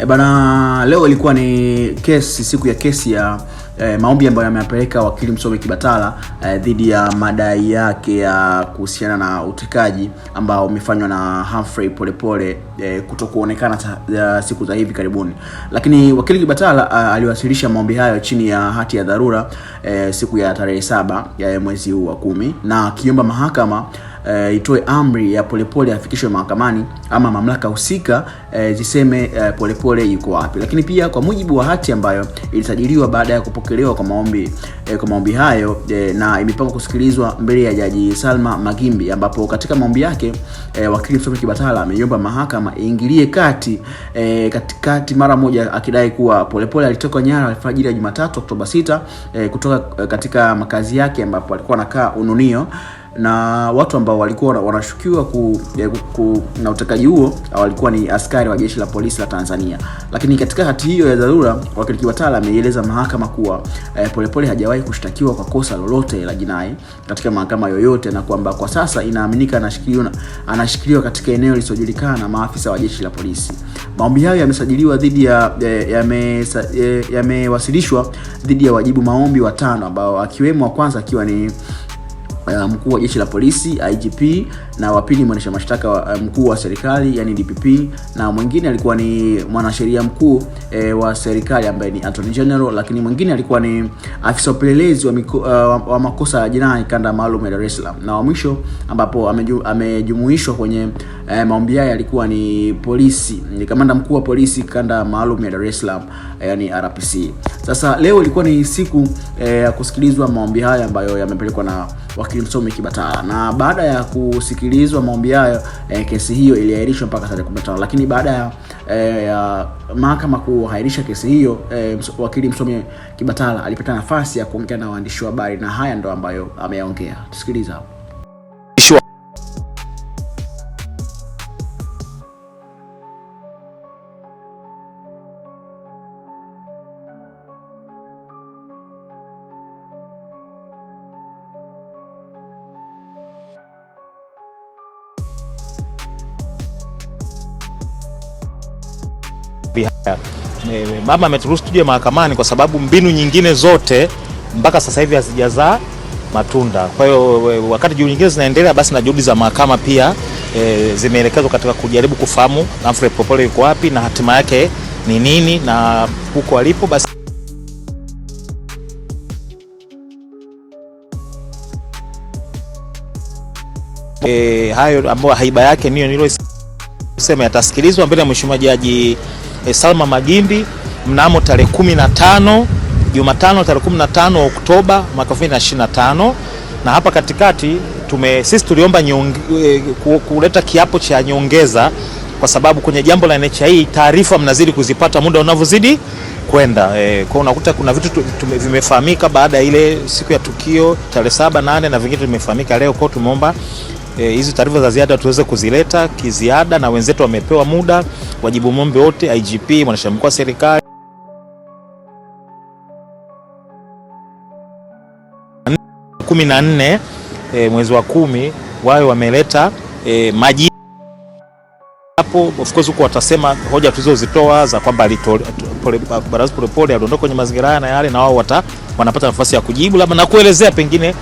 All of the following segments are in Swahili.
E bana, leo ilikuwa ni kesi, siku ya kesi ya eh, maombi ambayo ameyapeleka wakili Msomi Kibatala eh, dhidi ya madai yake ya kuhusiana na utekaji ambao umefanywa na Humphrey Polepole eh, kutokuonekana siku za hivi karibuni. Lakini wakili Kibatala eh, aliwasilisha maombi hayo chini ya hati ya dharura eh, siku ya tarehe saba ya mwezi huu wa kumi na akiomba mahakama uh, itoe amri ya Polepole afikishwe mahakamani ama mamlaka husika eh, ziseme uh, Polepole yuko wapi. Lakini pia kwa mujibu wa hati ambayo ilisajiliwa baada ya kupokelewa kwa maombi uh, kwa maombi hayo uh, na imepangwa kusikilizwa mbele ya Jaji Salma Magimbi, ambapo katika maombi yake uh, wakili Msofe Kibatala ameiomba mahakama iingilie kati uh, katikati mara moja, akidai kuwa Polepole alitoka nyara alfajiri ya Jumatatu Oktoba 6 uh, kutoka uh, katika makazi yake ambapo alikuwa anakaa Ununio na watu ambao walikuwa wanashukiwa ku, ku, ku, na utekaji huo walikuwa ni askari wa jeshi la polisi la Tanzania. Lakini katika hati hiyo ya dharura, wakili Kibatala ameieleza mahakama kuwa eh, Polepole hajawahi kushtakiwa kwa kosa lolote la jinai katika mahakama yoyote, na kwamba kwa sasa inaaminika anashikiliwa anashikiliwa katika eneo lisilojulikana na maafisa wa jeshi la polisi. Maombi hayo yamesajiliwa dhidi ya yamewasilishwa ya ya dhidi ya wajibu maombi watano ambao akiwemo wa kwanza akiwa ni Uh, mkuu wa jeshi la polisi IGP na wa pili mwendesha mashtaka uh, mkuu wa serikali yani DPP na mwingine alikuwa ni mwanasheria mkuu eh, wa serikali ambaye ni Attorney General, lakini mwingine alikuwa ni afisa upelelezi wa, miku, uh, wa, wa makosa ya jinai kanda maalum ya Dar es Salaam, na wa mwisho ambapo amejumuishwa kwenye eh, maombi yao alikuwa ni polisi, ni kamanda mkuu wa polisi kanda maalum ya Dar es Salaam yani RPC. Sasa leo ilikuwa ni siku ya eh, kusikilizwa maombi haya ambayo yamepelekwa na wakili Kilsome Kibatala. Na baada ya kusikilizwa maombi hayo eh, kesi hiyo iliahirishwa mpaka tarehe 15, lakini baada ya eh, ya mahakama kuahirisha kesi hiyo eh, wakili Msomi Kibatala alipata nafasi ya kuongea na waandishi wa habari, na haya ndo ambayo ameongea. Tusikiliza hapo. maombi haya. Baba ameturuhusu tuje mahakamani kwa sababu mbinu nyingine zote mpaka sasa hivi hazijazaa matunda. Kwa hiyo wakati juhudi nyingine zinaendelea, basi na juhudi za mahakama pia e, zimeelekezwa katika kujaribu kufahamu Humphrey Polepole yuko wapi na hatima yake ni nini na huko alipo basi e, hayo ambayo haiba yake niyo nilosema yatasikilizwa mbele ya Mheshimiwa Jaji e, Salma Magimbi mnamo tarehe 15 Jumatano tarehe 15 Oktoba mwaka 2025 na hapa katikati tume, sisi tuliomba nyonge, eh, kuleta kiapo cha nyongeza kwa sababu kwenye jambo la NHI taarifa mnazidi kuzipata muda unavyozidi kwenda e, kwa unakuta kuna vitu vimefahamika baada ya ile siku ya tukio tarehe saba nane na vingine vimefahamika leo, kwa tumeomba hizo e, taarifa za ziada tuweze kuzileta kiziada, na wenzetu wamepewa muda wajibu mombe wote, IGP, mwanasheria mkuu wa serikali kumi na nne e, mwezi wa kumi wawe wameleta e, maji hapo. Of course huko watasema hoja tulizozitoa za kwamba Balozi Polepole aliondoka kwenye mazingira haya na yale, na wao wanapata nafasi ya kujibu labda na kuelezea pengine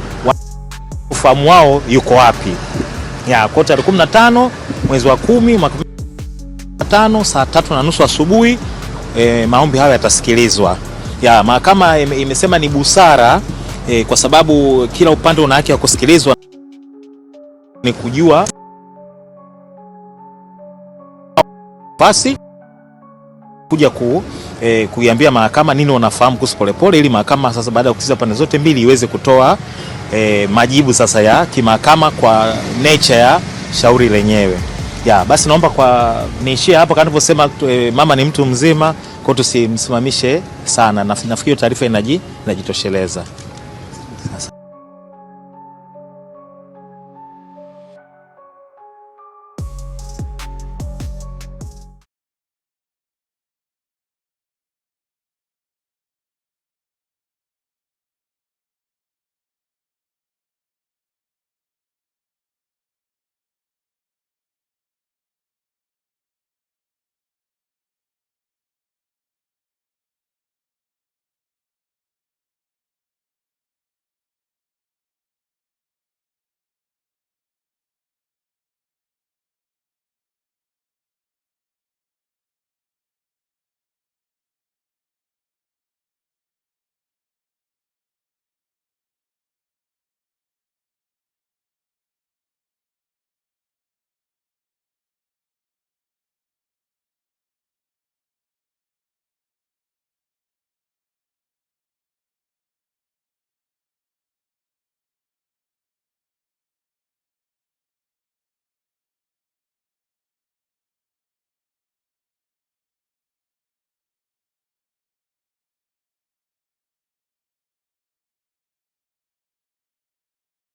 ufahamu wao yuko wapi ya kwa tarehe 15 mwezi wa kumi mwaka tano saa tatu na nusu asubuhi e, maombi hayo yatasikilizwa. Ya mahakama imesema ni busara e, kwa sababu kila upande una haki ya kusikilizwa ni kujua basi kuja ku, E, kuiambia mahakama nini wanafahamu kuhusu Polepole ili mahakama sasa baada ya kusikiza pande zote mbili iweze kutoa e, majibu sasa ya kimahakama kwa nature ya shauri lenyewe. Ya, basi naomba kwa niishie hapo kama nilivyosema, e, mama ni mtu mzima, kwa tusimsimamishe sana. Nafikiri taarifa inajitosheleza.